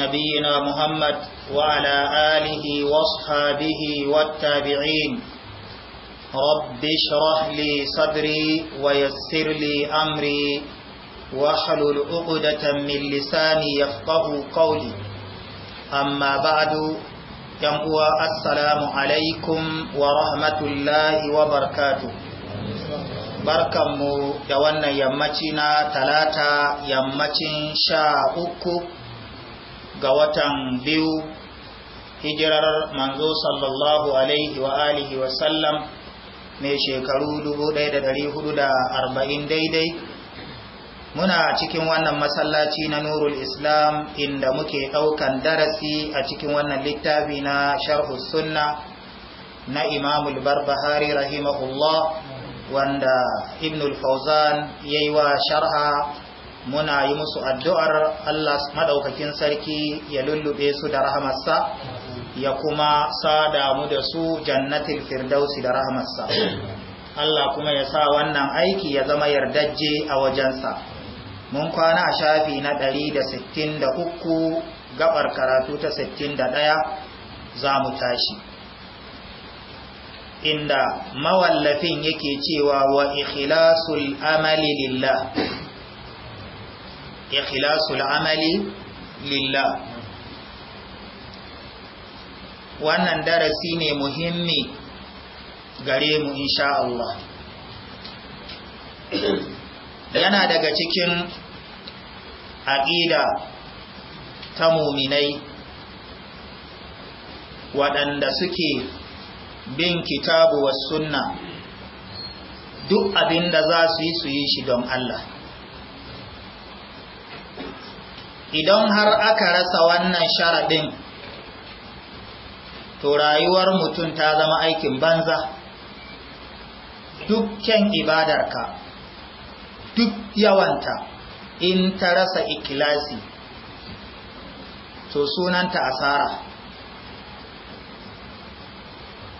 نبينا محمد وعلى آله واصحابه والتابعين رب اشرح لي صدري ويسر لي أمري واحلل عقدة من لساني يفقه قولي أما بعد ينقوى السلام عليكم ورحمة الله وبركاته barkanmu da wannan yammaci na talata yammacin sha uku ga watan biyu hijirar manzo sallallahu alaihi wa alihi wa sallam mai shekaru 1440 daidai muna cikin wannan masallaci na nurul islam inda muke ɗaukan darasi a cikin wannan littafi na sharhu sunna na imamul barbahari rahimahullah wanda ibnul fauzan ya yi wa sharha muna yi musu addu'ar Allah maɗaukakin sarki ya lullube su da rahamarsa ya kuma sada mu da su jannatin firdausi da rahamarsa Allah kuma ya sa wannan aiki ya zama yardajje a wajensa mun kwana a shafi na 163 gabar karatu ta 61 za mu tashi inda mawallafin yake cewa wa ikhlasul amali lillah ikhlasul amali lillah wannan darasi ne muhimmi gare mu insha yana daga cikin aƙida ta muminai waɗanda suke bin kitabu wa sunna duk abin da za su yi su yi shi don Allah idan har aka rasa wannan sharaɗin to rayuwar mutum ta zama aikin banza dukkan ibadarka duk yawanta in ta rasa ikilasi to sunanta asara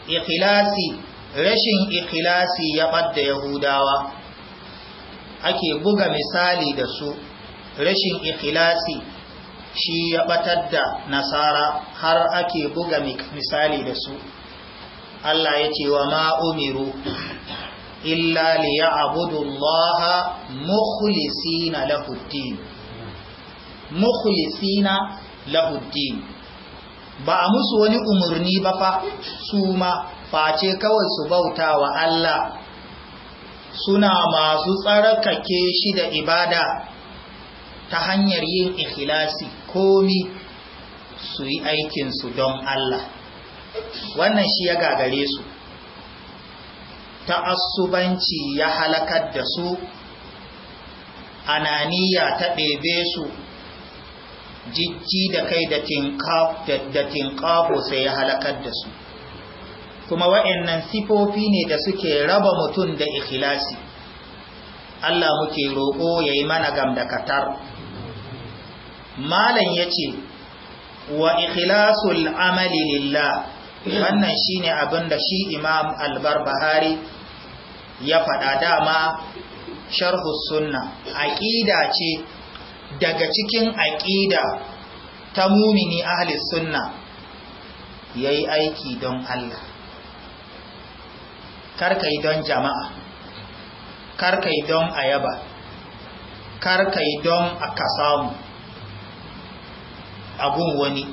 ikilasi rashin ikilasi ya ɓadda yahudawa ake buga misali da su rashin ikhlasi shi ya batar da nasara har ake buga misali da su Allah ya ce wa ma'umiru illa li Allah mukhlisina lahu ddin mukhlisina lahu ddin ba a musu wani umarni ba fa su ma face kawai su bauta wa Allah suna masu tsarkake shi da ibada ta hanyar yin ikhlasi komi su yi aikinsu don Allah wannan shi ya gagare su ta'assubanci ya halakar da su ananiya ta ɗebe su jijji da kai da tinƙafo sai ya halakar da su kuma wa'annan sifofi ne da suke raba mutum da ikhlasi Allah muke roƙo ya yi mana gamdakatar malam yace wa ikhlasul amali lillah wannan shine abin da shi imam al-barbahari ya faɗa dama sharhu sunna Aƙida ce daga cikin aƙida ta mumini ahli sunna yayi aiki don Allah karkai don jama'a karkai don ayaba karkai don akasamu abun wani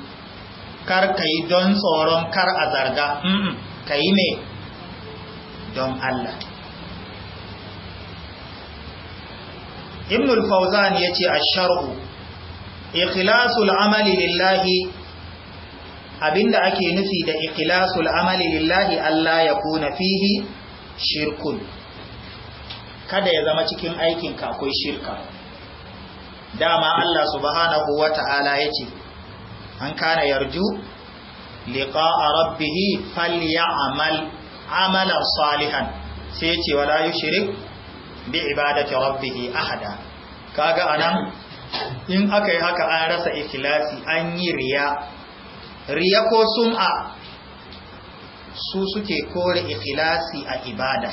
kar ka yi don tsoron kar a zarga ka yi ne don Allah ibnul fauzan ya ce a shar'u ikhlasul amali lillahi abinda ake nufi da ikhlasul amali lillahi Allah ya kuna fihi shirkun kada ya zama cikin aikinka akwai shirka dama Allah subhanahu wa ta'ala ya ce an kana yarju liqa'a rabbih falyamal amalan salihan sai ce wala yushrik bi ibadati rabbih ahada kaga anan in aka yi haka an rasa ikhlasi an yi riya riya ko sum'a su suke kore ikhlasi a ibada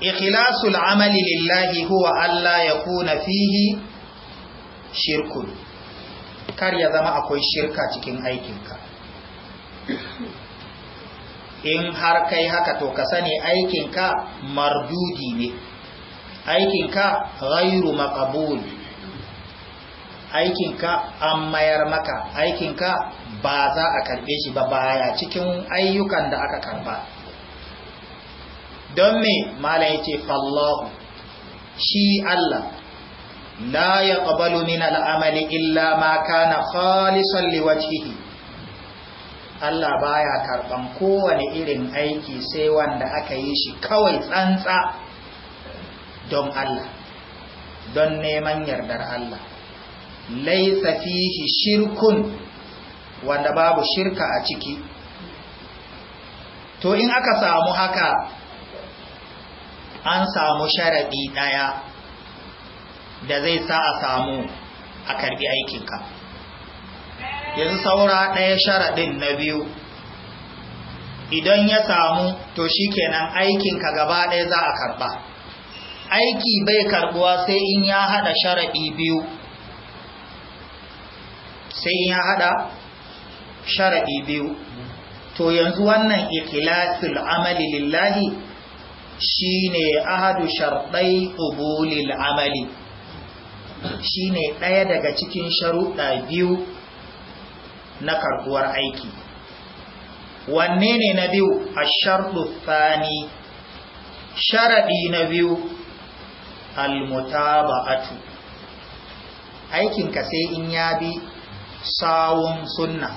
ikhlasul amali lillahi huwa Allah ya kuna fihi shirkun kar ya zama akwai shirka cikin aikinka in har kai haka to ka sani aikinka mardudi ne aikinka ghairu maqbul aikinka an mayar maka aikinka ba za a karbe shi ba baya cikin ayyukan da aka karɓa. don me malam ya ce fallahu shi Allah la ya ƙabalu min al'amali illa ma kana khalisan liwajihi Allah baya karɓan kowane irin aiki sai wanda aka yi shi kawai tsantsa don Allah don neman yardar Allah laisa fihi shirkun wanda babu shirka a ciki to in aka samu haka an samu sharaɗi ɗaya da zai sa a samu a karɓi aikinka yanzu saura ɗaya sharaɗin na biyu idan ya samu to shi shikenan aikinka gaba ɗaya za a karɓa aiki bai karɓuwa sai in ya haɗa sharaɗi biyu sai in ya haɗa sharaɗi biyu to yanzu wannan ikilasul amali lillahi Shi ne ahadu sharɗai ƙubulil amali Shi ne ɗaya daga cikin sharuɗa biyu na karɓuwar aiki wanne ne na biyu a sharɗu sharaɗi na biyu almutaba'atu aikinka sai in ya bi sawun sunna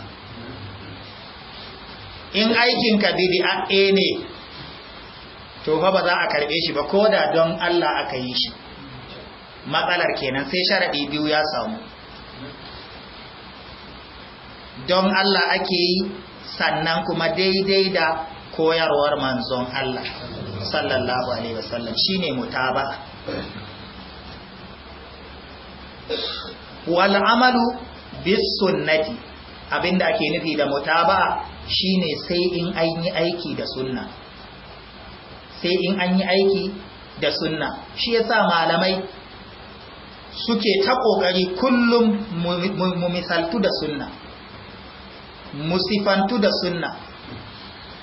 in aikinka bid'a ne to fa ba za a karbe shi ba ko da don Allah aka yi shi matsalar kenan sai sharadi biyu ya samu don Allah ake yi sannan kuma daidai da koyarwar manzon Allah sallallahu alaihi wasallam shine mutaba wal amalu bis sunnati abinda ake nufi da mutaba shine sai in an yi aiki da sunna sai in an yi aiki da sunna shi yasa malamai suke ta ƙoƙari kullum mu misaltu da sunna mu sifantu da sunna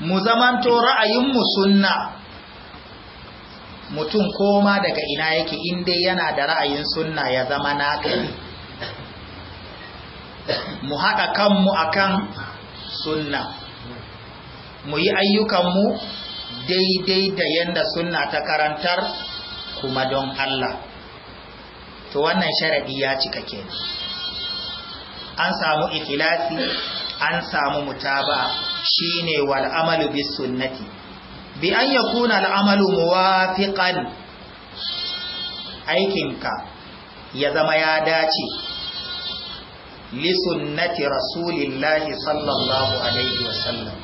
mu zamanto ra'ayinmu sunna mutum koma daga ina yake in dai yana da ra'ayin sunna ya zama naka mu haɗa kanmu akan sunna mu yi ayyukanmu daidai da yadda sunna ta karantar kuma don Allah to wannan sharadi ya cika ke an samu ikilasi, an samu mutaba shine wal amalu bis sunnati bi an yakuna al amalu muwafiqan aikinka ya zama ya dace li sunnati rasulillahi sallallahu alaihi wasallam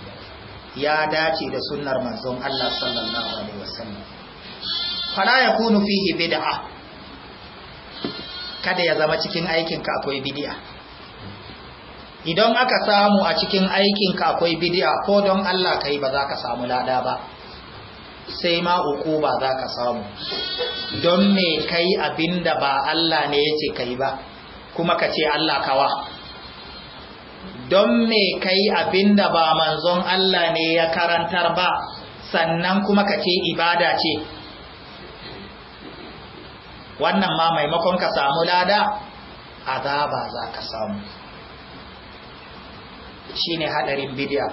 ya dace da sunnar manzon Allah sallallahu alaihi wasallam fala yakunu fihi bid'a kada ya zama cikin aikinka akwai bid'a idan aka samu a cikin aikinka akwai bid'a ko don Allah kai ba za ka samu lada ba sai ma uku ba za ka samu don me kai abinda ba Allah ne yace kai ba kuma ka ce Allah kawa don me kai abinda ba manzon Allah ne ya karantar ba sannan kuma ka ce ibada ce wannan ma maimakon ka samu lada azaba za ka samu Shi ne haɗarin bidiya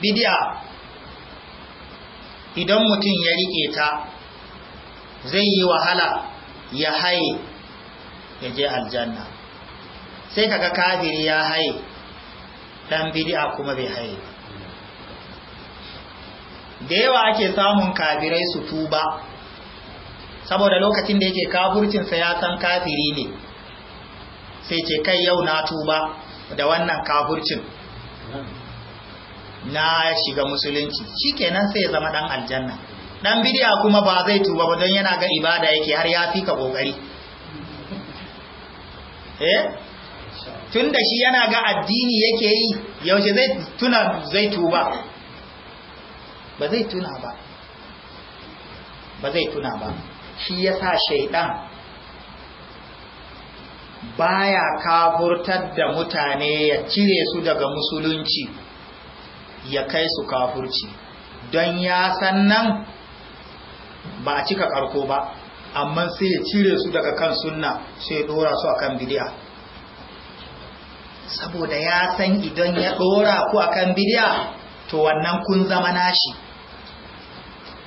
bidiya idan mutum ya riƙe ta zai yi wahala ya haye ya je aljanna sai kaga kafiri ya haye dan bid'a kuma bai haye da yawa ake samun kafirai su tuba saboda lokacin da yake sa ya san kafiri ne sai ce kai yau na tuba da wannan kafurcin na shiga musulunci shikenan sai ya zama dan aljanna dan bid'a kuma ba zai tuba ba don yana ga ibada yake har ya fika kokari eh tun da shi yana ga addini yake yi yaushe zai tuna zai tuba ba zai tuna ba ba zai tuna ba shi ya sa shaidan Ba ya kafurtar da mutane ya cire su daga musulunci ya kai su kafurci don ya san nan ba a cika karko ba amma sai ya cire su daga kan sunna sai ya dora su a kan bidiyar saboda ya san idan ya dora ku akan bidiya to wannan kun zama nashi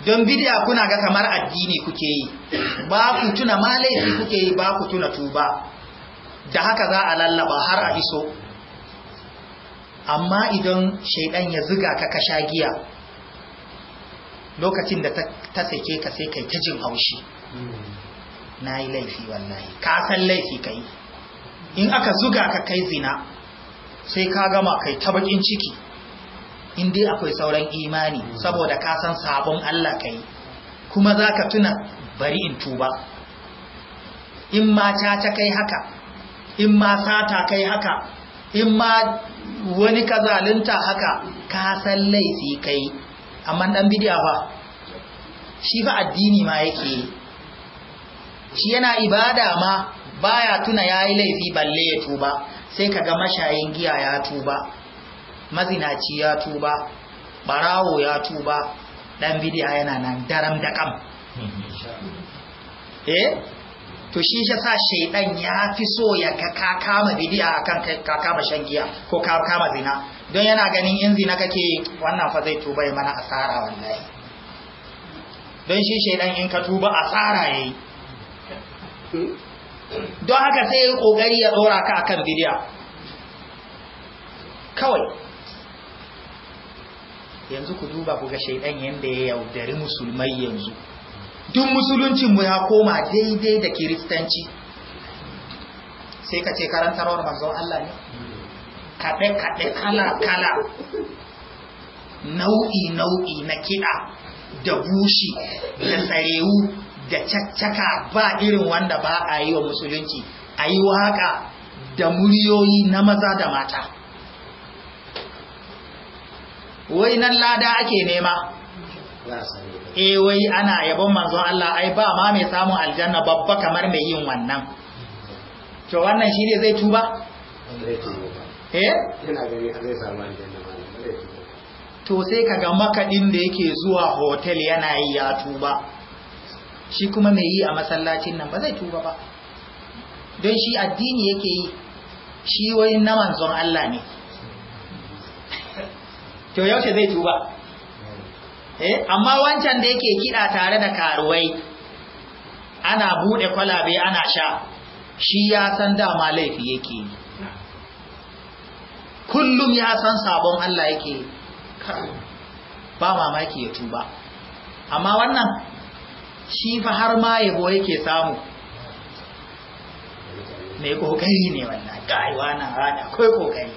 don bidiya kuna ga kamar addini kuke yi ba ku tuna ma kuke yi ba ku tuna tuba da haka za a lallaba har a iso amma idan shaidan ya zuga ka ka sha giya lokacin da ta sake ka sai kai ta jin haushi hmm. na yi laifi wallahi ka san laifi ka yi in aka zuga ka kai zina sai ka gama kai ta bakin ciki in dai akwai sauran imani saboda ka san sabon Allah kai kuma za ka tuna bari in tuba in ma caca kai haka in ma sata kai haka in ma wani kazalinta haka ka san laifi kai amma dan bidiya fa shi fa addini ma yake shi yana ibada ma baya tuna yayi laifi balle ya tuba sai kaga mashayin giya ya tuba mazinaci ya tuba barawo ya tuba dan bidiya yana nan daram da kam eh to shi ya sa shaidan ya fi so ya ka kama bidiya akan ka kama shan giya ko ka kama zina don yana ganin in zina kake wannan fa zai tuba ya mana asara wallahi don shi shaidan in ka tuba asara yayi hmm? don haka sai yi ƙoƙari ya ɗora ka a kan bidiyar kawai yanzu ku duba ku ga shaidan yadda ya yaudari musulmai yanzu duk musuluncinmu ya koma daidai da kiristanci sai ka ce karantarwar mazo Allah ne kaɗe-kaɗe kala-kala nau'i-nau'i na kiɗa da bushi da tsarewu da caccaka ba irin wanda ba a yi wa musulunci a yi waƙa da muryoyi na maza da mata wai nan lada ake nema e wai ana yabon manzon Allah ai ba ma mai samun aljanna babba kamar mai yin wannan to wannan shi ne zai tuba? eh? yana gani zai samu aljanna ba ne to sai kaga makadin da yake zuwa hotel yana yi ya tuba shi kuma mai yi a masallacin nan ba zai tuba ba don shi addini yake yi shi wai na manzon Allah ne to yaushe zai tuba eh amma wancan da yake kida tare da karuwai ana bude kwalabe ana sha shi ya san dama laifi yake yi kullum ya san sabon Allah yake ba mamaki ya tuba amma wannan shi fa har ma yabo yake samu mai kokari ne wannan kaiwa na rada kai kokari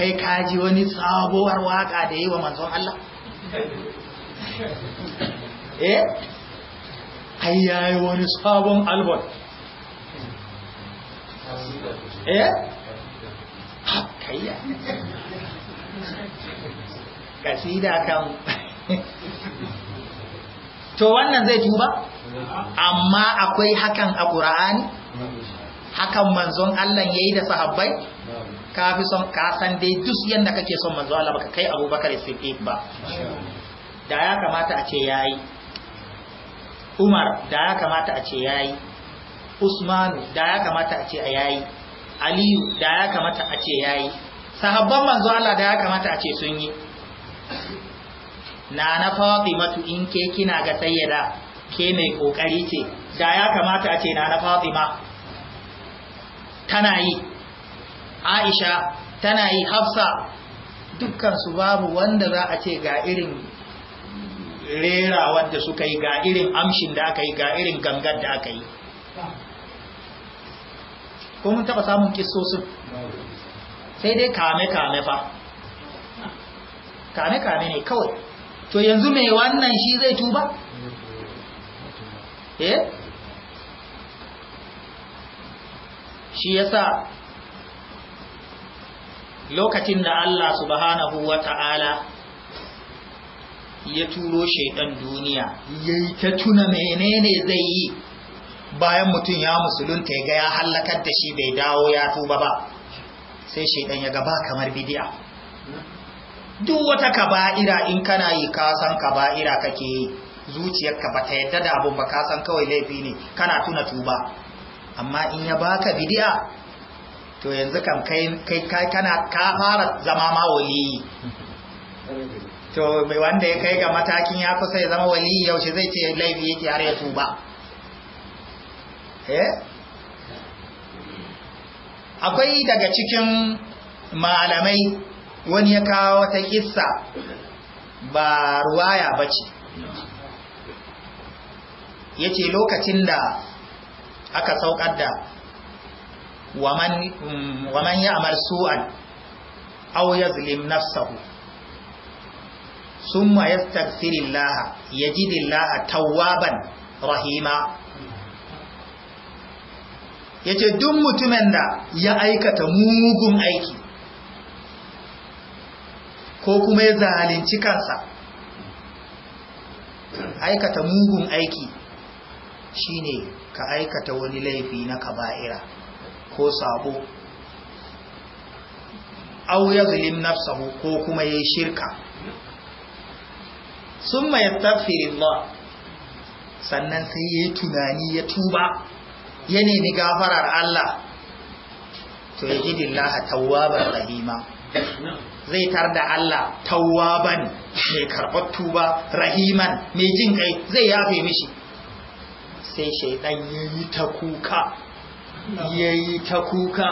kai kaji wani sabuwar waka da yi wa manzon Allah eh ai yayi wani sabon album eh ya kasida kan to wannan zai tuba amma akwai hakan a ƙura'ani hakan manzon Allah ya yi da sahabbai ka fi son kasan dai duk yadda kake son manzo Allah baka kai abubakar siddiq ba da ya kamata a ce yayi umar da ya kamata a ce yayi usmanu da ya kamata a ce a yayi aliyu da ya kamata a ce yayi sahabban manzo Allah da ya kamata a ce sun yi na na fatimatu in ke kina ga sayyada ke mai kokari ce da ya kamata a ce na na fatima tana yi aisha tana yi hafsa dukkan su babu wanda za a ce ga irin rera wanda suka yi ga irin amshin da aka yi ga irin gangar da aka yi ko mun taba samun kissosin sai dai kame-kame fa kame-kame ne kawai to yanzu mai wannan shi zai tuba eh shi yasa lokacin da Allah subhanahu wata'ala ya turo shaidan duniya ya yi ta tuna menene zai yi bayan mutum ya musulunta ta ga ya hallakar da shi bai dawo ya tuba ba sai shaidan ya gaba kamar bidiya duk wata kaba'ira in kana yi ka san kaba'ira kake yi zuciyarka ba ta yadda da abun ba ka san kawai laifi ne kana tuna tuba amma in ya baka bidiya, to yanzu kan kai kai kana ka fara zama ma waliyi to wanda ya kai ga matakin ya kusa ya zama waliyi yaushe zai ce laifi yake har ya tuba eh akwai daga cikin malamai wani ya kawo wata kissa ba ruwaya ba ce ya ce lokacin da aka saukar da waman ya amar su'an au ya zulim nafsahu sun ma ya tafsirin laha ya jidin laha tawaban rahima ya ce duk mutumin da ya aikata mugun aiki ko kuma ya zalunci kansa aikata mugun aiki shine ka aikata wani laifi na kaba'ira ko sabo au ya zalim nafsahu ko kuma ya shirka sun mai sannan sai ya tunani ya tuba ya nemi gafarar Allah to ya ji dillaha tawwabar rahima zai tar da Allah tawaban mai karɓar tuba rahiman mai jin kai zai yafe mishi sai shaidan ya yi ta kuka Ya yi ta kuka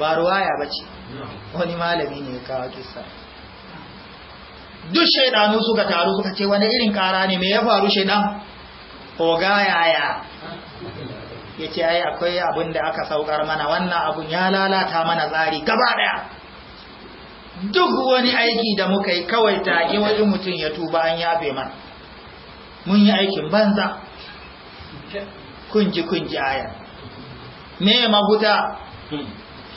ba ruwaya bace wani malami ne kawo kisa duk shaidanu suka taru suka ce wani irin kara ne mai ya faru shaidan oga yaya ya ce ai akwai abin da aka saukar mana wannan abun ya lalata mana tsari gaba daya duk wani aiki da muka yi kawai take wani mutum ya tuba an yafe mana mun yi aikin banza kunji kunji aya me mafuta?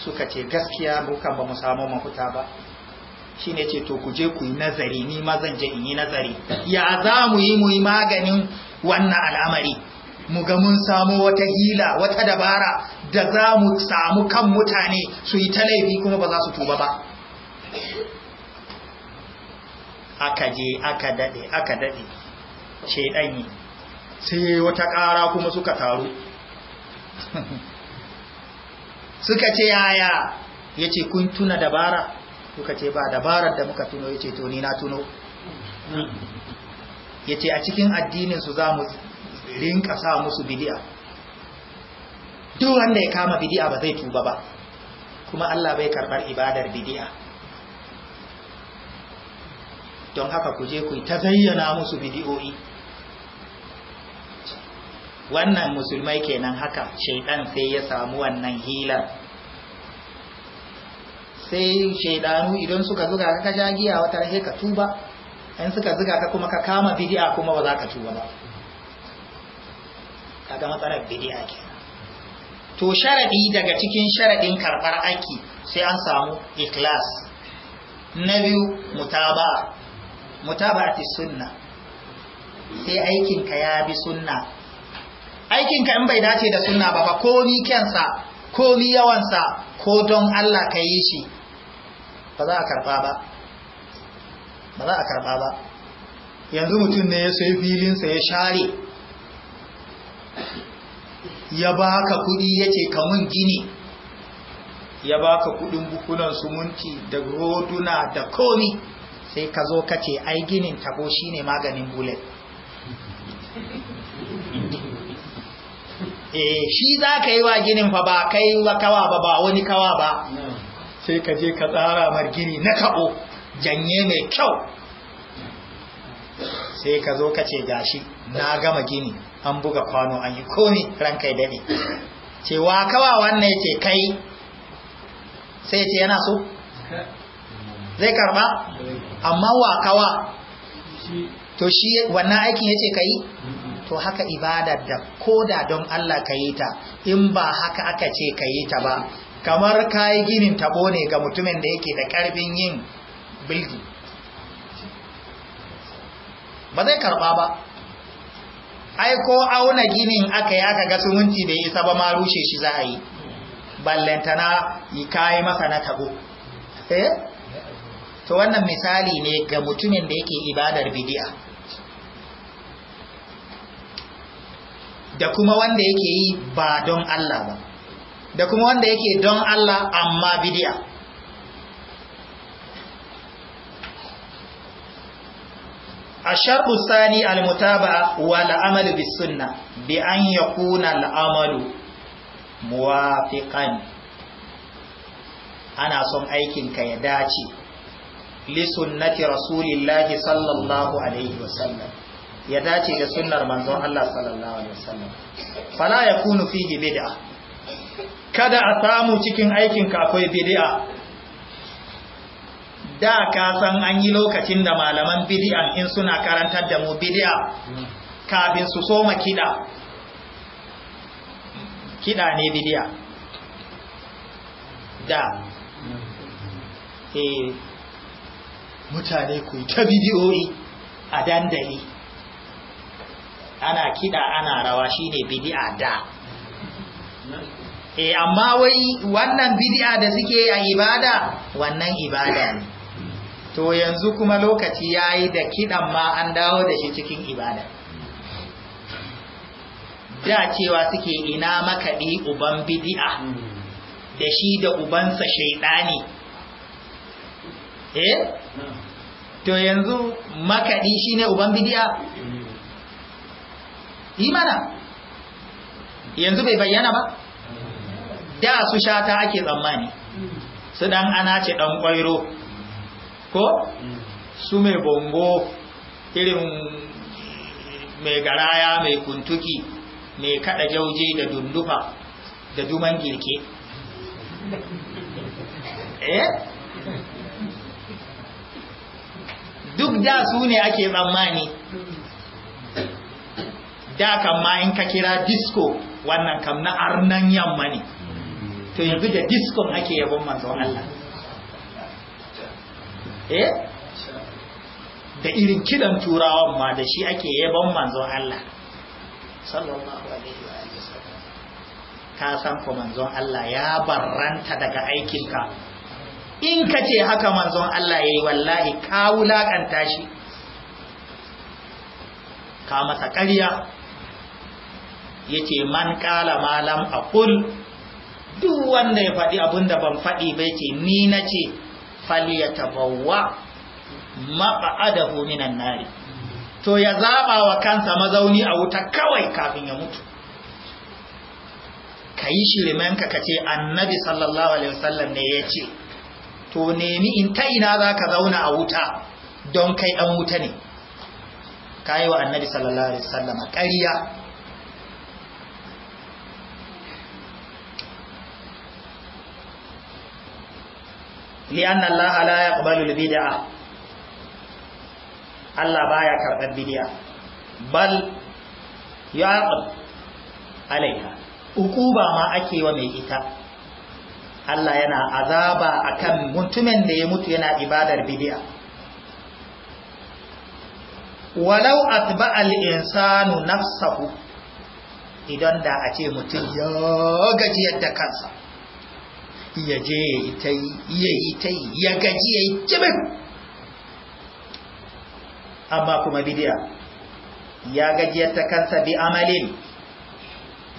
suka ce gaskiya bukan ba mu samu mafuta ba Shi ne ce to ku je ku yi nazari ni ma zan je in yi nazari ya za mu yi mu yi maganin wannan al'amari mu ga mun samu wata hila wata dabara da za mu samu kan mutane su yi ta laifi kuma ba za su tuba ba aka je aka dade aka dade shedani sai wata ƙara kuma suka taru suka ce yaya yace kun tuna dabara suka ce ba dabarar da muka tuno yace to ni na tuno yace a cikin addinin su mu rinka sa musu bidi'a? duk wanda ya kama bidi'a ba zai tuba ba kuma Allah bai karbar ibadar bidi'a. don haka ku je ku ta zayyana musu bidiyoyi wannan musulmai kenan haka shaidan sai ya samu wannan hilar sai shaidanu idan suka zuga ka jagiya wata rahe ka tuba in suka zuga ka kuma ka kama bidiya kuma ba za ka tuba ba kaga matsalar bidiya ke to sharadi daga cikin sharadin karbar aiki sai an samu ikhlas na biyu mutaba mutaba'ati sunna sai aikinka ya bi sunna aikinka in bai dace da sunna ba ba ko kyansa yawan yawansa ko don Allah ka yi shi ba za a karba ba ba za a karba ba yanzu mutum ne ya sai sa ya share ya baka kuɗi yace ka mun gini ya baka kuɗin bukunan sumunci da roduna da komi sai ka zo ka ai ginin tabo shine maganin bullet eh shi za ka yi wa ginin fa ba kai wa kawa ba ba wani kawa ba sai ka je ka tsara mar gini na kabo janye mai kyau sai ka zo ka ce gashi na gama gini an buga kwano an yi komi ranka daɗe cewa kawa wannan ce kai sai ce yana so zai karba amma wa kawa to shi wannan aikin yace kai to haka ibadar da koda don Allah ka ta in ba haka aka ce ka ta ba kamar ka ginin tabo ne ga mutumin da yake da karfin yin bilgi ba zai karba ba ai ko auna ginin aka yi aka ga sumunci bai isa ba ma rushe shi za a yi ballantana yi kayi masa na tabo eh to wannan misali ne ga mutumin da yake ibadar bidiya da kuma wanda yake yi ba don Allah ba da kuma wanda yake don Allah amma bidiya a Sani al-mutaba wa la'amalu bi sunna bi an yakuna al-amalu muwafiqan ana son aikin ka ya dace li sunnati sallallahu alaihi wasallam ya dace da sunnar manzon Allah sallallahu alaihi wasallam fala yakunu fihi bid'a kada a samu cikin aikin kakwai akwai bid'a da ka san an yi lokacin da malaman bid'a in suna karantar da mu bid'a kafin su soma kida kida ne bid'a da eh, mutane ku yi ta bidiyoyi a dandali ana kida ana rawa shine bidi'a da e amma wai wannan bidi'a da suke a ibada wannan ibada ne to yanzu kuma lokaci ya yi da kiɗan ma an dawo da shi cikin ibada da cewa suke ina makaɗi uban bidi'a da shi da ubansa shaiɗani eh to yanzu makaɗi shine uban bidiya imana yanzu bai bayyana ba da su shata ake tsammani su ɗan ana ce dan kwairo ko su mai bongo irin mai garaya mai kuntuki mai kada jauje da dundufa da duman girke eh duk da su ne ake tsammani da kan ma in ka kira disco wannan kam na arnan yamma ne to yanzu da Disco ake yabon manzon Allah eh da irin kidan turawan ma da shi ake yabon manzon Allah sallallahu alaihi wa sallam ka san ko manzon Allah ya barranta daga aikinka in ka ce haka manzon Allah ya yi wallahi ka wulaƙanta shi ka masa ƙarya ya ce man ƙala malam a duk wanda ya faɗi abinda ban faɗi bai ce ni na ce faliyata bawa maɓa'adahu minan nari to ya zaɓa wa kansa mazauni a wuta kawai kafin ya mutu ka yi shirimanka ka ce annabi sallallahu alaihi wasallam ne ya ce to nemi in ta ina za ka zauna a wuta don kai ɗan wuta ne ka yi wa annabi sallallahu alaihi sallama ƙariya li'an Allah la ya ƙabalu bid'a Allah baya karɓar bid'a bal ya alaiha uku ba ma ake wa mai ita Allah yana azaba akan mutumin da ya mutu yana ibadar bidiya walau atba al-insanu nafsahu idan da a ce mutum ya gajiyar da kansa ya je ya yi ya gaji ya yi amma kuma bidiya ya gajiyar da kansa bi amalin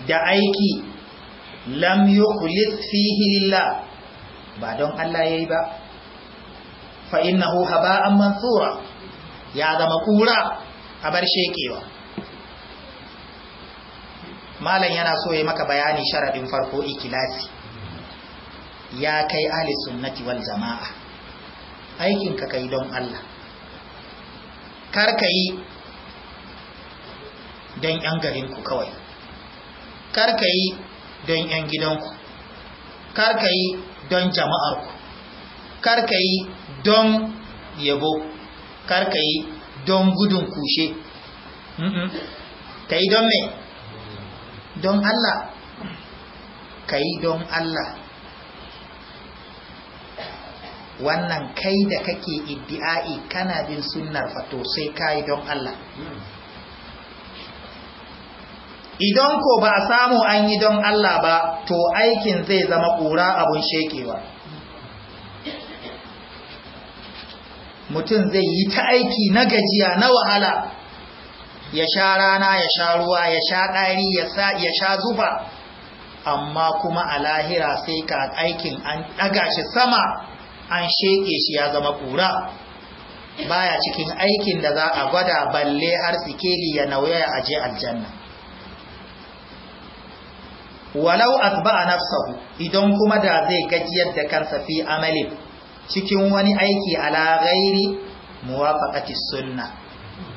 da aiki lam yukhlis fihi lillah ba don Allah yayi ba fa innahu haba'an mansura ya zama kura a bar shekewa malam yana so ya maka bayani sharaɗin farko ikilasi ya kai ahli sunnati wal jama'a aikin ka kai don Allah kar ka yi don yan garinku kawai kar ka don 'yan gidanku kar ka yi don jama'arku kar yi don yabo kar ka yi don gudun kushe ka yi don me don Allah ka yi don Allah wannan kai da kake iddi'ai kana bin sunnar fato sai ka yi don Allah idan ko ba a samu an yi don Allah ba to aikin zai zama ƙura abun shekewa mutum zai yi ta aiki na gajiya na wahala ya sha rana ya sha ruwa ya sha ɗari ya sha zuba. amma kuma a lahira sai ka aikin an ɗaga shi sama an sheke shi ya zama ƙura baya cikin aikin da za a gwada balle har sikeli ya nauya nauyaya aje aljanna walau asba'a nafsahu idan kuma da zai gajiyar da kansa fi amali cikin wani aiki ala ghairi muwafaqati sunna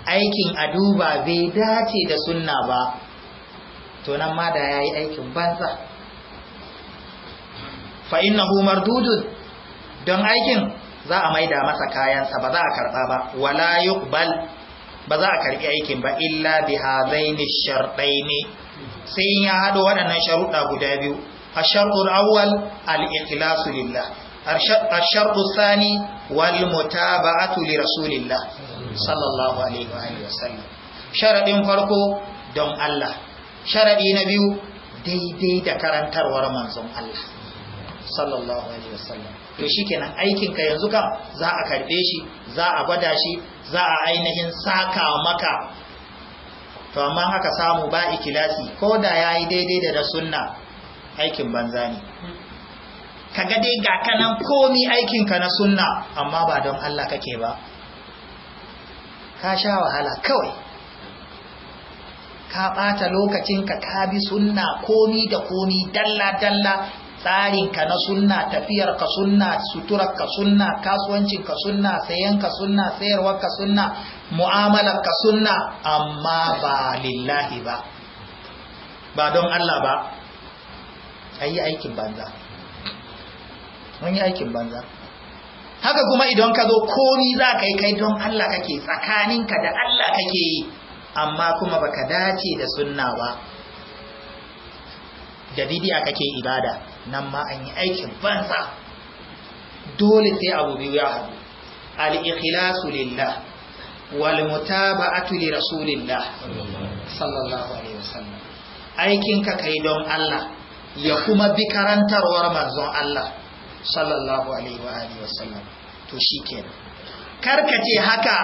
aikin aduba duba bai dace da sunna ba to nan ma da yayi aikin banza fa innahu mardudun don aikin za a maida masa kayansa ba za a karba ba wala yuqbal ba za a karbi aikin ba illa bi hadaini shartaini sai ya haɗo waɗannan sharuɗa guda biyu a sharɗun awwal al’ikilasu a sharɗun sani wal ba a tuli rasulillah sallallahu alaihi wa sallam sharaɗin farko don Allah sharaɗi na biyu daidai da karantarwar manzon Allah sallallahu alaihi wa sallam to shi kenan aikinka yanzu ka za a karɓe shi za a gwada shi za a ainihin saka maka to amma haka samu ba ikilasi ko da ya yi daidai da na sunna aikin banza ne kaga dai ga kanan komi aikinka na sunna amma ba don Allah kake ba ka sha wahala kawai ka ɓata lokacinka ka bi sunna komi da komi dalla-dalla tsarinka na sunna tafiyarka sunna suturarka sunna kasuwancinka sunna sayanka sunna sayarwarka sunna mu'amalarka sunna amma ba lillahi ba ba don Allah ba ayi aikin banza mun yi aikin banza haka kuma idan ka zo komi za ka yi kai don Allah kake tsakaninka da Allah kake yi amma kuma baka dace da sunna ba da bidiya kake ibada nan ma an yi aikin banza dole sai abu biyu ya haɗu al-ikhlasu lillah wal mutaba'atu li rasulillah sallallahu alaihi wasallam aikin ka kai don Allah ya kuma bi karantarwar manzon Allah sallallahu alaihi wa alihi wasallam to shikenan karkace haka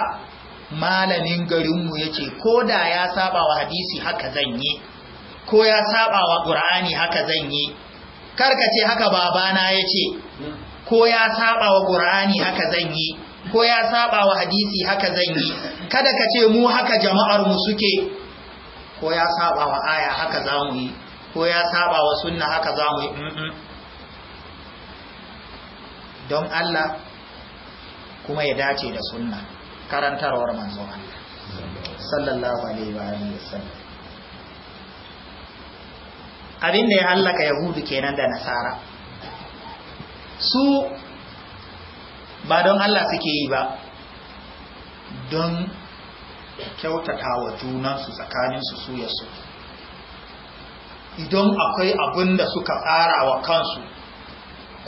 malamin garinmu yace da ya saba wa hadisi haka zan yi ko ya saba wa qur'ani haka zanyi yi karka ce haka babana ya ce ko ya saba wa ƙur'ani haka zan yi ko ya saba wa hadisi haka zan yi kada ka ce mu haka jama'ar mu suke ko ya saba wa aya haka za mu yi ko ya saba wa sunna haka za mu yi don Allah kuma ya dace da sunna karantarwar manzon Allah sallallahu alaihi wa sallam abin da ya hallaka yahudu kenan da nasara su ba don Allah suke yi ba don kyautata wa junansu tsakaninsu su ya su idan akwai abin da suka tsara wa kansu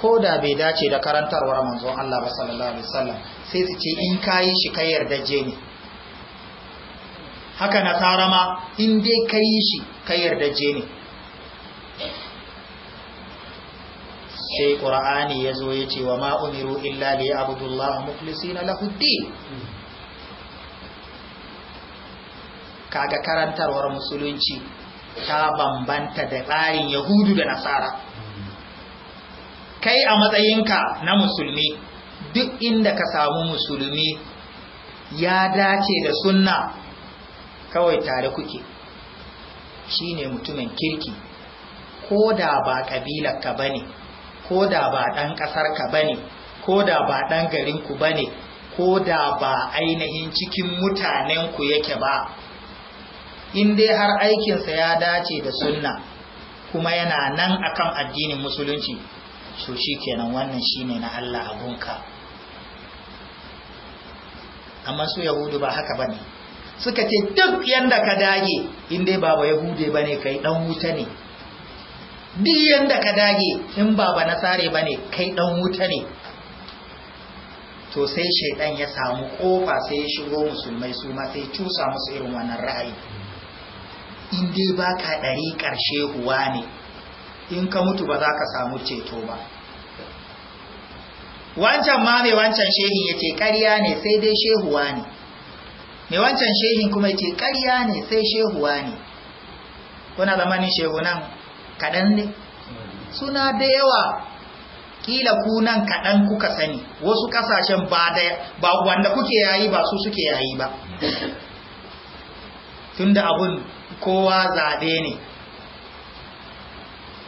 ko da bai dace da karantarwar manzo Allah ba sallallahu alaihi wasallam sai su ce in kayi shi kai yarda je ne haka nasara ma in dai kayi shi kai yarda je ne sai qur'ani yazo yace wa ma umiru illa li abdullah mukhlisina lahu ddin kaga karantarwar musulunci ta bambanta da tsarin yahudu da nasara kai a matsayinka na musulmi duk inda ka samu musulmi ya dace da sunna kawai tare kuke shine mutumin kirki ko da ba kabilar ba ne ko da ba ɗan ƙasarka ka bane ko da ba ɗan garinku ku bane ko da ba ainihin cikin mutanenku yake ba in dai har aikinsa ya dace da sunna kuma yana nan akan addinin musulunci so shi kenan wannan shi ne na Allah abunka amma su yahudu ba haka ba ne. suka ce duk yadda ka dage in dai ba ba yahude ne kai ɗan wuta ne duk yanda ka dage in ba ba tsare ba ne kai ɗan wuta ne to sai shaidan ya samu kofa sai ya shigo musulmai su ma sai cusa musu irin wannan ra'ayi in dai ba ka ɗari ƙarshe huwa ne in ka mutu ba za ka samu ceto ba wancan ma mai wancan shehin ya ce ƙarya ne sai dai shehuwa ne mai wancan shehin kuma ya ce ƙarya ne sai shehuwa ne kuna zamanin shehu nan? kaɗan ne suna da yawa kila kunan nan kaɗan kuka sani wasu ƙasashen ba da ba wanda kuke yayi ba su suke yayi ba tunda abun kowa zaɓe ne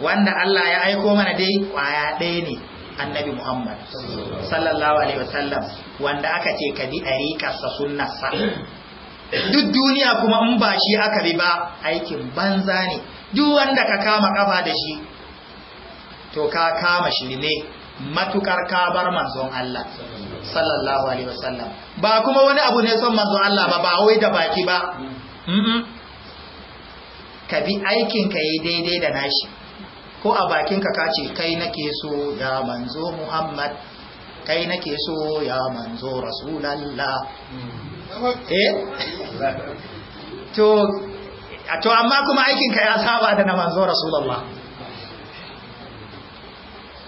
wanda Allah ya aiko mana dai ƙwaya ɗaya ne annabi Muhammad sallallahu alaihi wasallam wanda aka ce ka bi ɗariƙarsa sunnarsa duk duniya kuma in ba shi aka bi ba aikin banza ne duk wanda ka kama kafa da shi to ka kama shirme matukar ka bar manzon Allah sallallahu alaihi wasallam ba kuma wani abu ne son manzon Allah ba ba wai da baki ba ka bi aikin ka yi daidai da nashi ko a bakin ka kace kai nake so ya manzo Muhammad kai nake so ya manzo Rasulullah mm. eh to a to amma kuma aikinka ya saba da na manzo rasulullah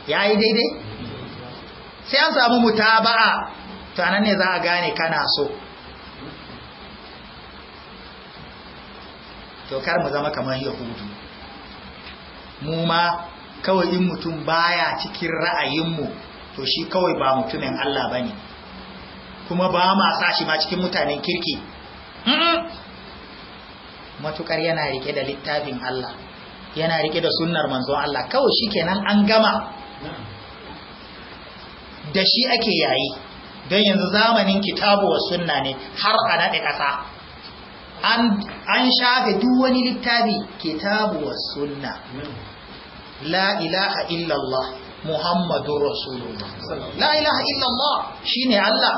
ya yi daidai sai an samu mutaba'a to anan ne za a gane kana so to kar mu zama kamar yahudu mu ma kawai in mutum baya cikin ra'ayinmu to shi kawai ba mutumin Allah bane kuma ba ma sa shi ma cikin mutanen kirki matukar yana rike da littafin Allah yana rike da sunnar manzon Allah kawai shikenan an gama da shi ake yayi don yanzu zamanin kitabu wa sunna ne har a naɗe ƙasa an shafe duk wani littafi kitabu wa sunna la ilaha illallah muhammadun rasulullah la ilaha illallah shine Allah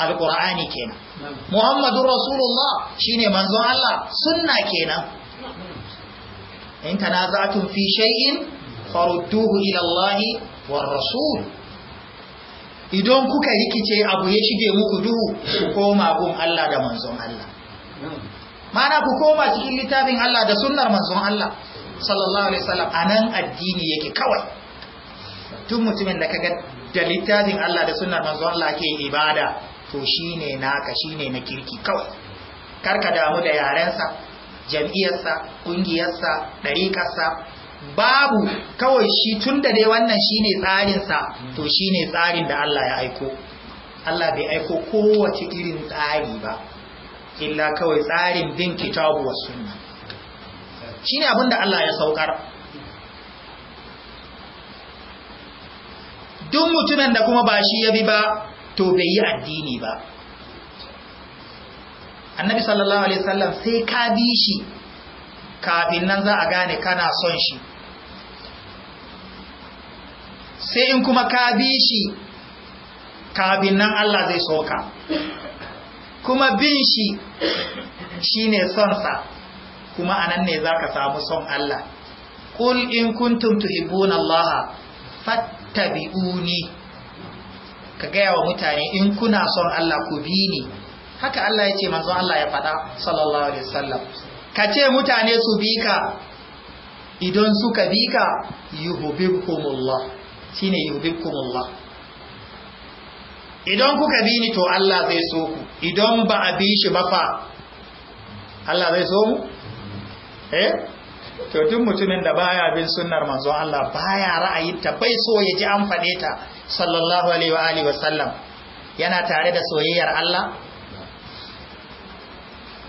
alqur'ani kenan Muhammadu Rasulullah shine manzon Allah suna kenan in na tanaza'tum fi shay'in farudduhu ilallahi wa rasul idan kuka rikice abu ya shige muku duhu ku koma gun Allah da manzon Allah mana ku koma cikin littafin Allah da sunnar manzon Allah sallallahu alaihi wasallam nan addini yake kawai tun mutumin da ka ga da littafin Allah da sunnar manzon Allah ke ibada to shine naka shine na kirki kawai karka damu da yarensa jam'iyyarsa ƙungiyarsa ɗariƙarsa babu kawai shi tun da dai wannan shine tsarinsa to shine tsarin da Allah ya aiko Allah bai aiko kowace irin tsari ba illa kawai tsarin bin kitabu wa sunna shine ne da Allah ya saukar duk mutumin da kuma ba shi ya bi ba to bai yi addini ba annabi sallallahu alaihi wasallam sai ka bi shi kafin nan za a gane kana son shi sai in kuma ka bi shi kafin nan Allah zai so ka kuma bin shi shine son sa kuma anan ne zaka samu son Allah kul in kuntum tuhibbuna Allah fattabi'uni ka gaya wa mutane in kuna son Allah ku bi ni haka Allah ya ce manzon Allah ya faɗa sallallahu alaihi wasallam ka ce mutane su bi ka idan suka bi ka yuhibbukumullah shine yuhibbukumullah idan kuka bi ni to Allah zai so ku idan ba a bi shi ba fa Allah zai so mu eh to duk mutumin da baya bin sunnar manzon Allah baya ra'ayinta bai so ya ji an faɗe ta sallallahu alaihi wa alihi wasallam yana tare da soyayyar Allah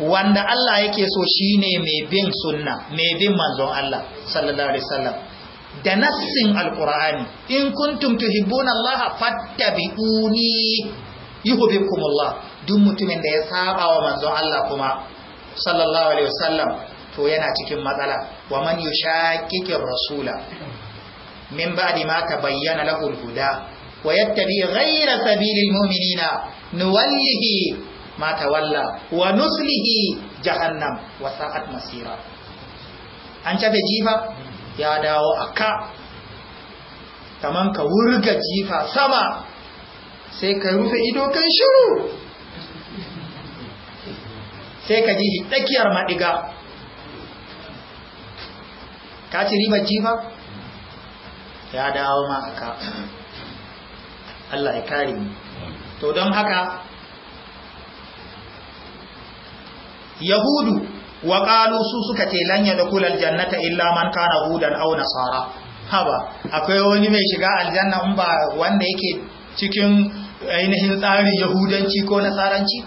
wanda Allah yake so shine mai bin sunna mai bin manzon Allah sallallahu alaihi wasallam da nassin alqur'ani in kuntum tuhibbuna Allah fattabi'uni yuhibbukumullah duk mutumin da ya saba wa manzon Allah kuma sallallahu alaihi wasallam to yana cikin matsala wa man yushaqiqir rasula min ba'di ma tabayyana lahu al-huda wa yattabi ghayra sabilil mu'minina nuwallihi ma tawalla wa nuslihi jahannam wa sa'at masira an tabe jifa ya dawo ka. kaman ka wurga jifa sama sai ka rufe ido kan shiru sai ka ji tsakiyar maɗiga. ka ci riba jifa ya dawo ma aka Allah ya kare mu to don haka yahudu wa qalu su suka ce da kula jannata illa man kana hudan aw nasara haba akwai wani mai shiga aljanna in ba wanda yake cikin ainihin tsarin yahudanci ko nasaranci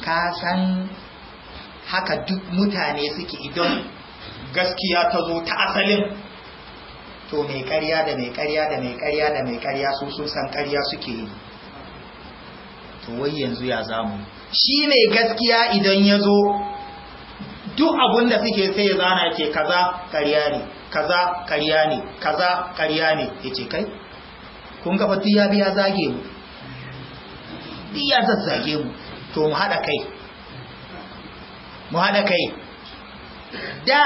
ka san haka duk mutane suke idan gaskiya ta zo ta asalin to mai karya da mai karya da mai karya da mai karya su sun san karya suke yi to wai yanzu ya zamu shi mai gaskiya idan ya zo duk abinda suke sai ya zana ke kaza karya ne kaza karya ne kaza karya ne ya ce kai kun gaba ya biya zage mu ya zazzage mu to mu haɗa kai mu haɗa kai da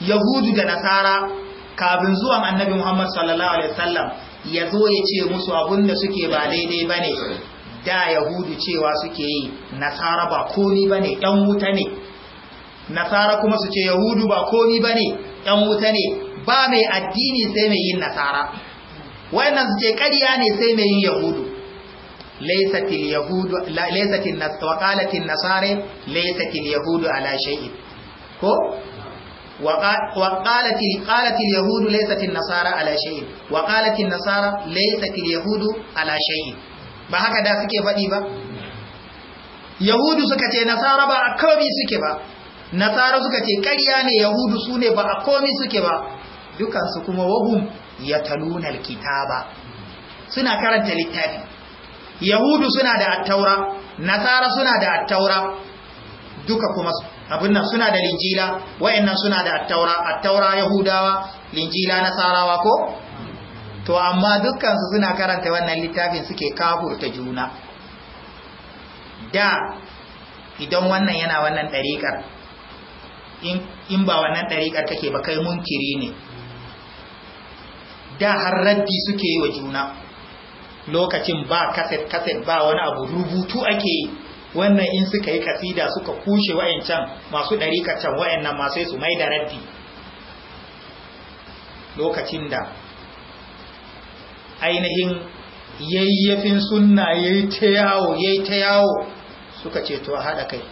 yahudu da nasara kafin zuwan annabi Muhammad sallallahu alaihi wasallam ya zo ya ce musu abun da suke ba daidai bane da yahudu cewa suke yi nasara ba komi bane ɗan wuta ne nasara kuma su ce yahudu ba komi bane ɗan wuta ne ba mai addini sai mai yin nasara Wannan su ce ƙarya ne sai mai yin yahudu laysatil yahudu laysatil nasara laysatil yahudu ala shay'in ko وقالت قالت اليهود ليست النصارى على شيء وقالت النصارى ليست اليهود على شيء ba haka da suke faɗi ba yahudu suka ce nasara ba a komi suke ba nasara suka ce ƙarya ne yahudu sune ba a komi suke ba dukansu kuma wahum ya talunar kitaba suna karanta littafi yahudu suna da attaura nasara suna da attaura duka kuma abin nan suna da linjila wayannan suna da attaura attaura yahudawa linjila nasarawa ko to amma dukkan suna karanta wannan littafin suke kafurta juna da idan wannan yana wannan ɗariƙar, in ba wannan ɗariƙar take ba kai munkiri ne da har raddi suke yi wa juna lokacin ba kaset kaset ba wani abu rubutu ake yi wannan in suka yi kasida suka kushe wa'ancan masu ɗarikacin wa'annan masu su mai da raddi lokacin da ainihin yayyafin sunna yi ta yawo ya yi ta yawo suka ce to haɗa kai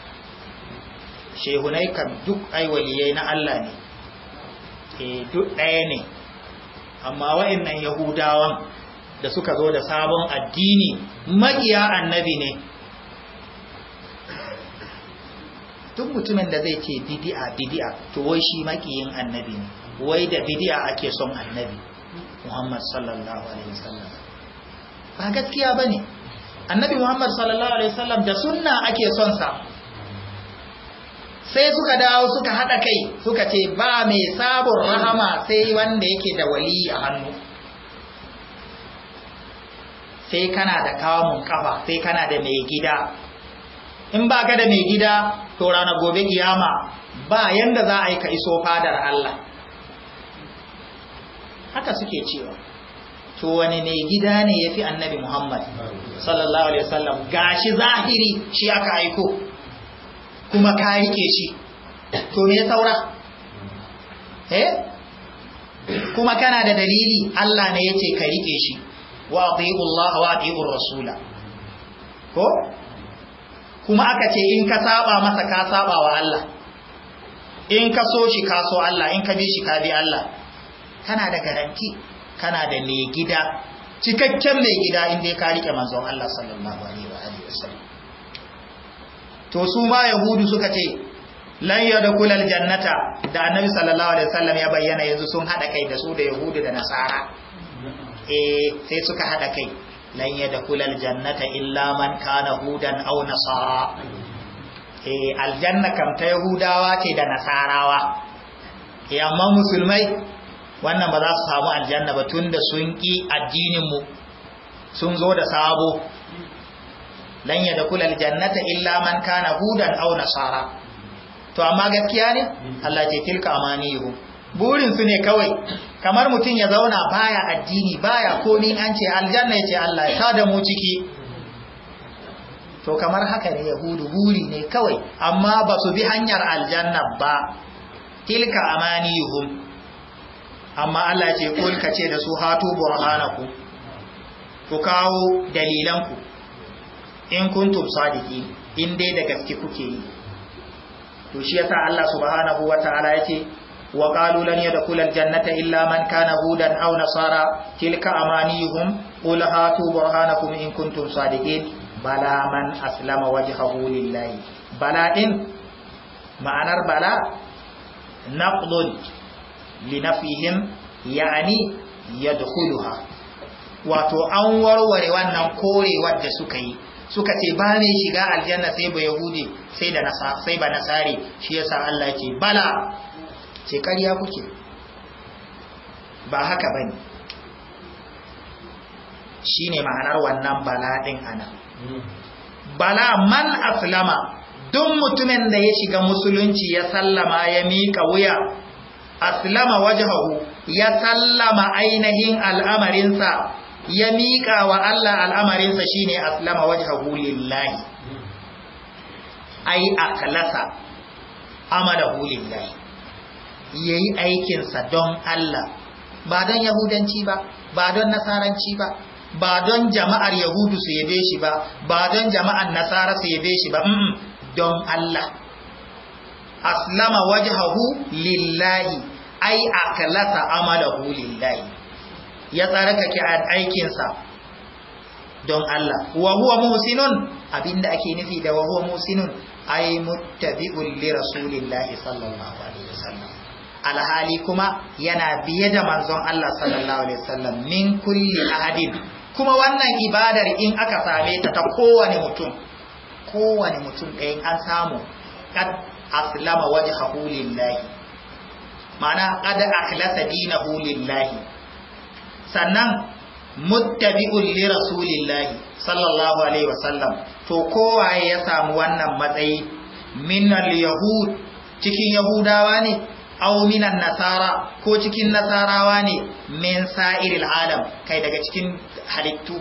shehunai kan duk aiwaliyai na Allah ne eh duk ɗaya ne amma wa'annan yahudawan da suka zo da sabon addini maƙiya annabi ne duk mutumin da zai ce bidi'a bidi'a to wai shi makiyin annabi ne wai da bidi'a ake son annabi Muhammad sallallahu alaihi wasallam ba gaskiya bane annabi Muhammad sallallahu alaihi wasallam da sunna ake son sa sai suka dawo suka hada kai suka ce ba mai sabon rahama sai wanda yake da wali a hannu sai kana da kamun kafa sai kana da mai gida in ba ka da mai gida to rana gobe kiyama ba yanda za a yi ka iso fadar Allah haka suke cewa to wani mai gida ne ya fi annabi Muhammad sallallahu Alaihi wasallam gashi zahiri shi aka aiko kuma ka rike shi to me saura eh kuma kana da dalili Allah ne yace ka rike shi wa ati'u Allah wa ati'u Rasula ko kuma aka ce in ka saba masa ka saba wa Allah in ka so shi ka so Allah in ka bi shi ka bi Allah kana da garanti kana da mai gida cikakken mai gida in dai ka rike manzon Allah sallallahu alaihi wa alihi wasallam to su ma yahudu suka ce lan yadkhul aljannata da annabi sallallahu alaihi wasallam ya bayyana yanzu sun hada kai da su da yahudu da nasara eh sai suka hada kai lan yadkhulal jannata illa man kana hudan aw nasara eh aljanna kam ta yahudawa ce da nasarawa eh amma musulmai wannan ba za su samu aljanna ba tunda sun ki addinin mu sun zo da sabo lan yadkhulal jannata illa man kana hudan aw nasara to amma gaskiya ne mm. Allah ce tilka amaniyu burin su ne kawai kamar mutum ya zauna baya addini baya komi an ce aljanna ya ce Allah ya da mu ciki to kamar haka ne yahudu buri ne kawai amma ba su bi hanyar aljanna ba tilka amaniyuhum amma Allah ce kul ka ce da su hatu burhanaku ku kawo dalilanku in kuntum sadiqin in dai da gaske kuke yi to shi yasa Allah subhanahu wataala yace wa da kula yadkhula ta illa man kana hudan aw nasara tilka amaniyuhum qul hatu burhanakum in kuntum sadiqin bala man aslama wajhahu lillahi bala din ma'anar bala naqdun li nafihim ya'ni yadkhuluha wato an warware wannan korewar da suka yi suka ce ba shiga aljanna sai ba yahudi sai da nasa sai ba nasari shi yasa Allah yake bala ce ƙarya kuke ba haka bane shine ma'anar wannan bala ana bala man aslama duk mutumin da ya shiga musulunci ya sallama ya miƙa wuya aslama wajahu ya sallama ainihin al'amarinsa ya miƙa wa Allah al'amarinsa shine aslama wajahu lillahi ai akhlasa amalahu lillahi ya yi aikinsa don Allah ba don yahudanci ba ba don nasaranci ba ba don jama'ar yahudu su yabe shi ba ba don jama'ar nasara su yabe shi ba don Allah aslama wajhahu lillahi ai akalasa amalahu lillahi ya tsarkake aikinsa don Allah wa huwa muhsinun abinda ake nufi da wa huwa muhsinun ay muttabi'un li rasulillahi sallallahu alaihi wasallam alhali kuma yana biye da manzon Allah sallallahu alaihi wasallam min kulli ahadin kuma wannan ibadar in aka same ta ta kowane mutum kowane mutum ɗaya an samu kad aslama wajhahu lillahi ma'ana kad akhlasa dinahu lillahi sannan muttabi'un li rasulillahi sallallahu alaihi wasallam to kowaye ya samu wannan matsayi min al-yahud cikin yahudawa ne aw minan nasara ko cikin nasarawa ne min sa'iril alam kai daga cikin halittu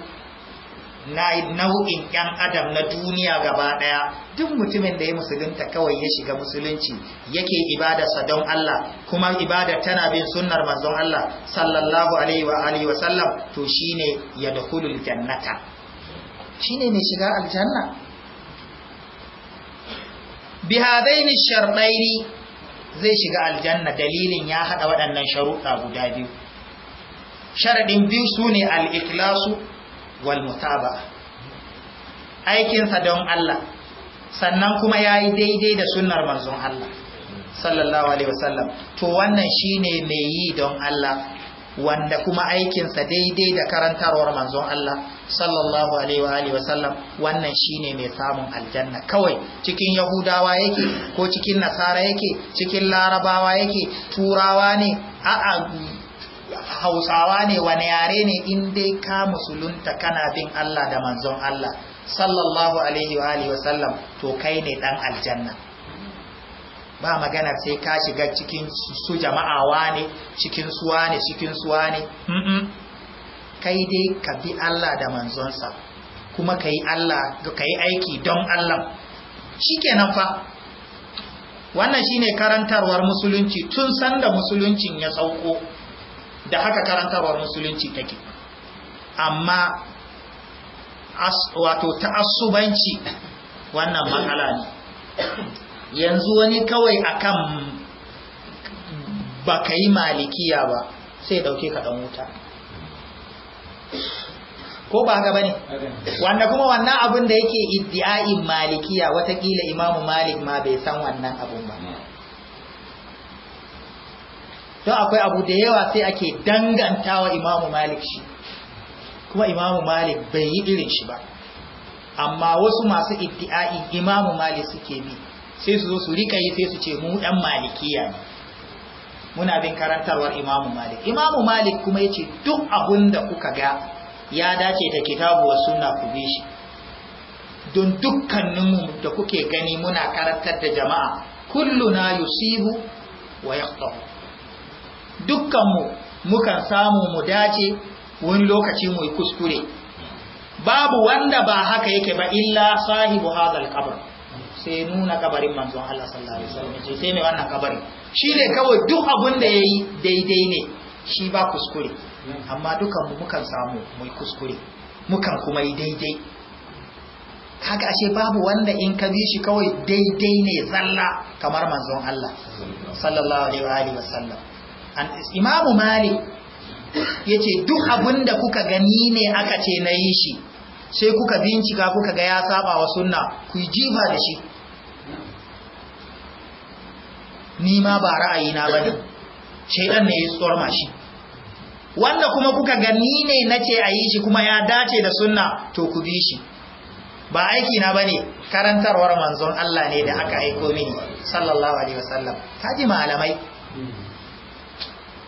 na nau'in yan adam na duniya gaba daya duk mutumin da ya musulunta kawai ya shiga musulunci yake ibadarsa don Allah kuma ibada tana bin sunnar manzon Allah sallallahu alaihi wa alihi wa sallam to shine yadkhulul jannata shine ne shiga aljanna bi hadaini shartaini zai shiga aljanna dalilin ya haɗa waɗannan sharuɗa guda biyu sharaɗin biyu su ne al'iklasu wal mutaba aikinsa don Allah sannan kuma ya yi daidai da sunnar manzon Allah sallallahu alaihi wasallam to wannan shine mai yi don Allah wanda kuma aikinsa daidai da karantarwar manzon Allah sallallahu alaihi wa sallam wannan shine mai samun aljanna kawai cikin yahudawa yake ko cikin nasara yake cikin larabawa yake turawa ne a'a hausawa ne wani yare ne in dai ka musulunta kana bin Allah da manzon Allah sallallahu alaihi wa sallam to kai ne dan aljanna ba magana sai ka shiga cikin su jama'a wane cikin suwa ne cikin suwa ne kai dai ka bi Allah da manzonsa kuma ka yi Allah ka yi aiki don Allah shikenan fa wannan shine karantarwar musulunci tun sanda musuluncin ya sauko da haka karantarwar musulunci take amma wato ta'assubanci wannan matsala ne yanzu wani kawai akan baka yi malikiya ba sai dauke ka dan wuta ko ba haka bane wanda kuma wannan abin da yake iddi'a'in malikiya watakila imamu malik ma bai san wannan abun ba don akwai abu da yawa sai ake dangantawa imamu malik shi kuma imamu malik bai yi irin shi ba amma wasu masu iddi'a'i imamu malik suke bi sai su zo su rika yi sai su ce mu dan malikiya muna bin karantarwar imamu malik imamu malik kuma yace duk abun da kuka ga ya dace da kitabu wa sunna ku bi shi don dukkaninmu da kuke gani muna karantar da jama'a kulluna yusibu wa dukkan dukkanmu mukan samu mu dace wani lokaci mu kuskure babu wanda ba haka yake ba illa sahibu hadal qabr sai nuna kabarin manzon Allah sallallahu alaihi wasallam ce sai mai wannan kabarin shi ne kawai duk abin da yayi daidai ne shi ba kuskure amma dukan mu mukan samu mu kuskure mukan kuma yi daidai kaga ashe babu wanda in ka bi shi kawai daidai ne zalla kamar manzon Allah sallallahu alaihi wasallam an imamu malik yace duk abin da kuka gani ne aka ce na yi shi sai kuka bincika kuka ga ya saba wa sunna ku jifa da shi ni ma ba ra'ayina ba ne shaidan ne ya tsorma shi wanda kuma kuka gani ne na ce a yi shi kuma ya dace da sunna to ku bi shi ba aiki na bane karantarwar manzon Allah ne da aka aiko mini sallallahu alaihi wasallam kaji malamai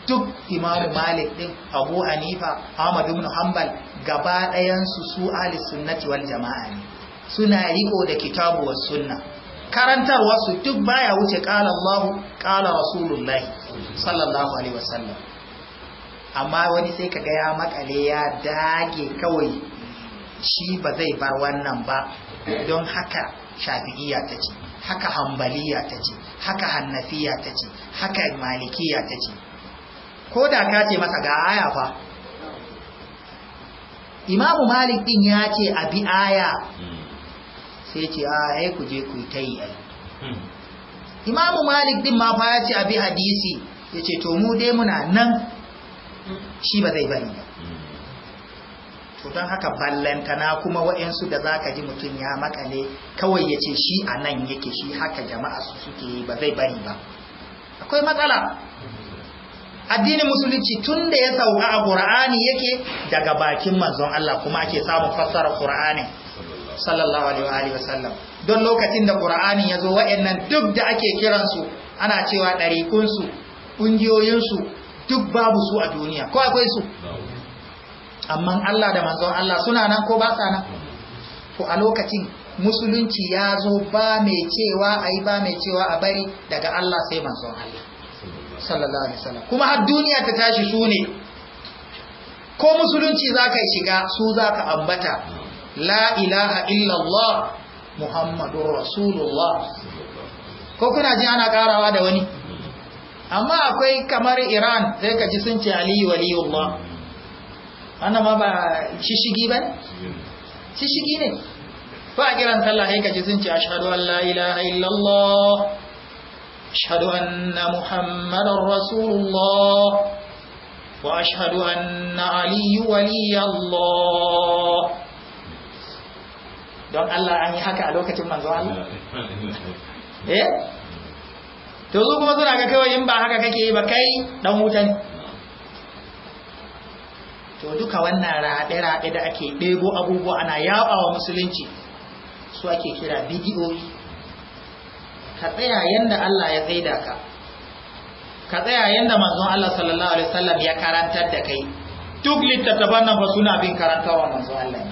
duk Imam Malik din Abu Hanifa Ahmad ibn Hanbal gaba ɗayan su su ahli sunnati wal jama'a ne suna riko da kitabu was sunna karantarwa su duk baya wuce kala Allah kala Rasulullahi sallallahu alaihi wasallam amma wani sai kaga ya makale ya dage kawai shi ba zai bar wannan ba don haka shafi'iyya tace haka Hanbaliyya tace haka hannafiya tace haka Malikiyya tace ko da ka ce masa ga aya fa imamu malik din ya ce a bi aya hmm. sai ce a ai ku je ku ta yi ai hmm. imamu malik din ma fa ya ce abi hadisi ya ce to mu dai muna nan shi ba zai bari ba to don haka na kuma waɗansu da za ka ji mutum ya makale kawai ya ce shi a nan yake shi haka jama'a su suke ba zai bari ba akwai matsala addinin musulunci tun da ya sauka a ƙur'ani yake daga bakin manzon Allah kuma ake samun fassara ƙur'ani. sallallahu alaihi wa sallam don lokacin da qur'ani yazo wa'annan duk da ake kiransu ana cewa dariqun su kungiyoyin su duk babu su a duniya ko akwai su amma Allah da manzon Allah suna nan ko ba sa nan Ko a lokacin musulunci ya zo ba mai cewa ayi ba mai cewa a bari daga Allah sai manzon Allah sallallahu alaihi wasallam kuma har duniya ta tashi su ne ko musulunci zaka shiga su zaka ka ambata la ilaha illallah muhammadur rasulullah ko kuna ji ana karawa da wani amma akwai kamar iran sai ka ji sun ce aliyu waliyullah wannan ma ba shishigi ba ne shishigi ne ba a kiran sallah sai ka ji sun ce ashhadu an la ilaha illallah ashhadu anna muhammadar rasulullah wa ashhadu anna aliyu waliyullah. don Allah an yi haka a lokacin manzo Allah eh to zo kuma suna ga kawai in ba haka kake yi ba kai dan wuta ne to duka wannan rabe-rabe da ake bego abubuwa ana yaɓa wa musulunci su ake kira bidiyoyi ka tsaya yadda Allah ya tsaida ka ka tsaya yadda manzo Allah sallallahu alaihi wasallam ya karantar da kai duk littattafan nan ba suna bin karantawa manzo Allah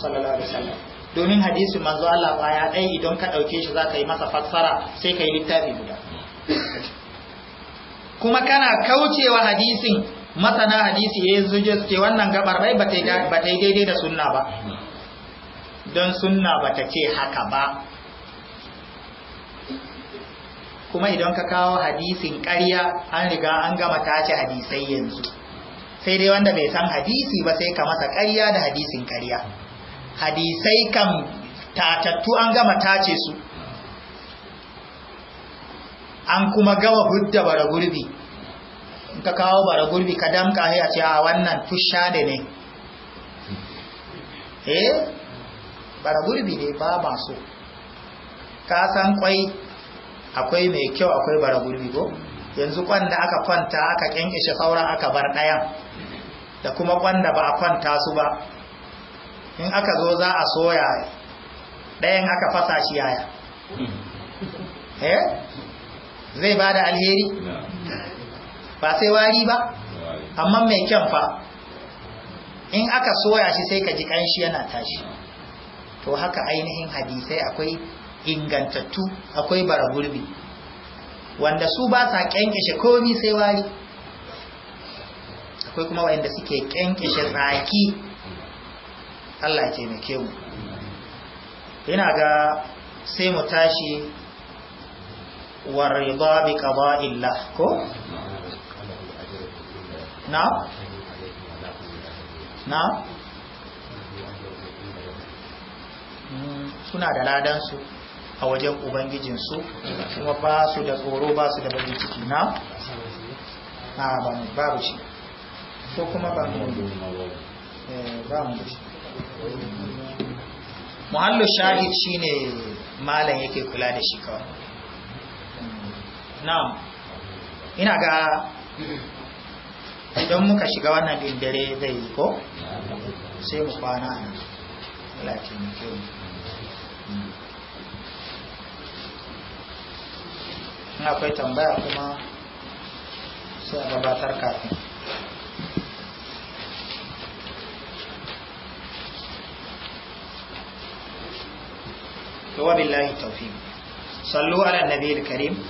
sallallahu alaihi wasallam domin hadisi manzo Allah baya ɗaya idan ka ɗauke shi za ka yi masa fassara sai ka yi littafi guda kuma kana kaucewa hadisin masana hadisi ya yi zuje ce wannan gabar bai ba ta yi daidai da sunna ba don sunna ba ta ce haka ba kuma idan ka kawo hadisin ƙarya an riga an gama tace hadisai yanzu sai dai wanda bai san hadisi ba sai ka masa ƙarya da hadisin ƙarya hadisai kan tatattu an gama tace su an kuma gawa hudda bara gurbi in ka kawo bara gurbi ka damka a ce a wannan fusha da ne eh bara gurbi ne ba masu ka san kwai akwai mai kyau akwai bara gurbi ko yanzu kwanda aka kwanta aka kyankyashe sauran aka bar ɗayan da kuma kwanda ba a kwanta su ba in aka zo za a soya ɗayan aka fasa shi yaya eh? zai ba da alheri ba sai wari ba amma mai kyan fa in aka soya shi sai ka ji ƙanshi yana tashi to haka ainihin hadisai akwai ingantattu akwai bara wanda su ba sa kyankishe komi sai wari akwai kuma wanda suke kyankishe raki Allah ya taimake mu ina ga sai mu tashi war rida bi qada'illah ko na na hmm, suna da ladan su a wajen ubangijinsu kuma ba su da tsoro ba su da bakin ciki na a babu shi ko kuma ba mu eh, ba mu shi muhallu shahid shine malam yake kula da shi kawai na'am ina ga idan muka shiga wannan din dare zai yi ko sai mu kwana a nan kyau tambaya kuma sai a gabatar kafin وبالله التوفيق صلوا على النبي الكريم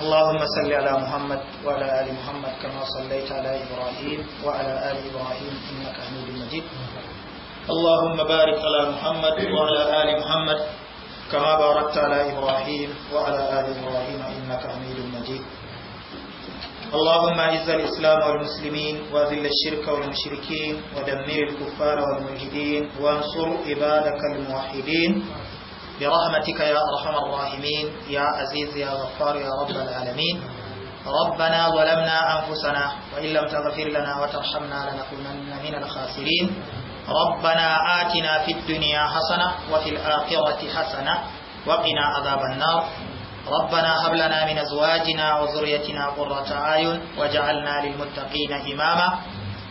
اللهم صل على محمد وعلى آل محمد كما صليت على إبراهيم وعلى آل إبراهيم إنك حميد مجيد اللهم بارك على محمد وعلى آل محمد كما باركت على إبراهيم وعلى آل إبراهيم إنك حميد مجيد اللهم اعز الاسلام والمسلمين واذل الشرك والمشركين ودمر الكفار والملحدين وانصر عبادك الموحدين برحمتك يا ارحم الراحمين يا عزيز يا غفار يا رب العالمين ربنا ظلمنا انفسنا وان لم تغفر لنا وترحمنا لنكونن من الخاسرين ربنا آتنا في الدنيا حسنه وفي الاخره حسنه وقنا عذاب النار ربنا هب لنا من أزواجنا وذريتنا قرة أعين وجعلنا للمتقين إماما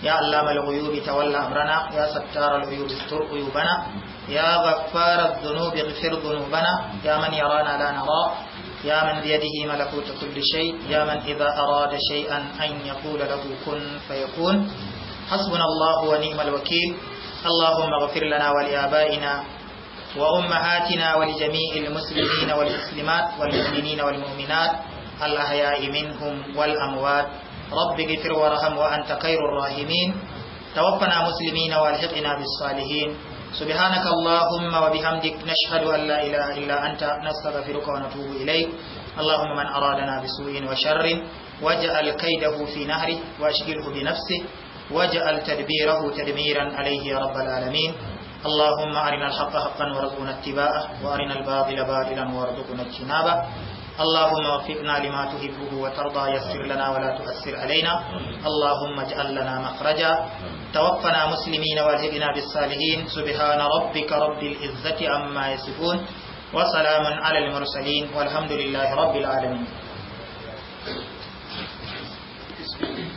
يا علام الغيوب تولى أمرنا يا ستار العيوب استر عيوبنا يا غفار الذنوب اغفر ذنوبنا يا من يرانا لا نرى يا من بيده ملكوت كل شيء يا من إذا أراد شيئا أن يقول له كن فيكون حسبنا الله ونعم الوكيل اللهم اغفر لنا ولآبائنا وأمهاتنا ولجميع المسلمين والمسلمات والمؤمنين والمؤمنات الأحياء منهم والأموات رب اغفر وارحم وأنت خير الراحمين توفنا مسلمين والحقنا بالصالحين سبحانك اللهم وبحمدك نشهد أن لا إله إلا أنت نستغفرك ونتوب إليك اللهم من أرادنا بسوء وشر واجعل كيده في نهره وأشغله بنفسه واجعل تدبيره تدميرا عليه يا رب العالمين اللهم أرنا الحق حقا وارزقنا اتباعه وأرنا الباطل باطلا وارزقنا اجتنابه اللهم وفقنا لما تحبه وترضى يسر لنا ولا تؤثر علينا اللهم اجعل لنا مخرجا توفنا مسلمين والهدنا بالصالحين سبحان ربك رب العزة عما يصفون وسلام على المرسلين والحمد لله رب العالمين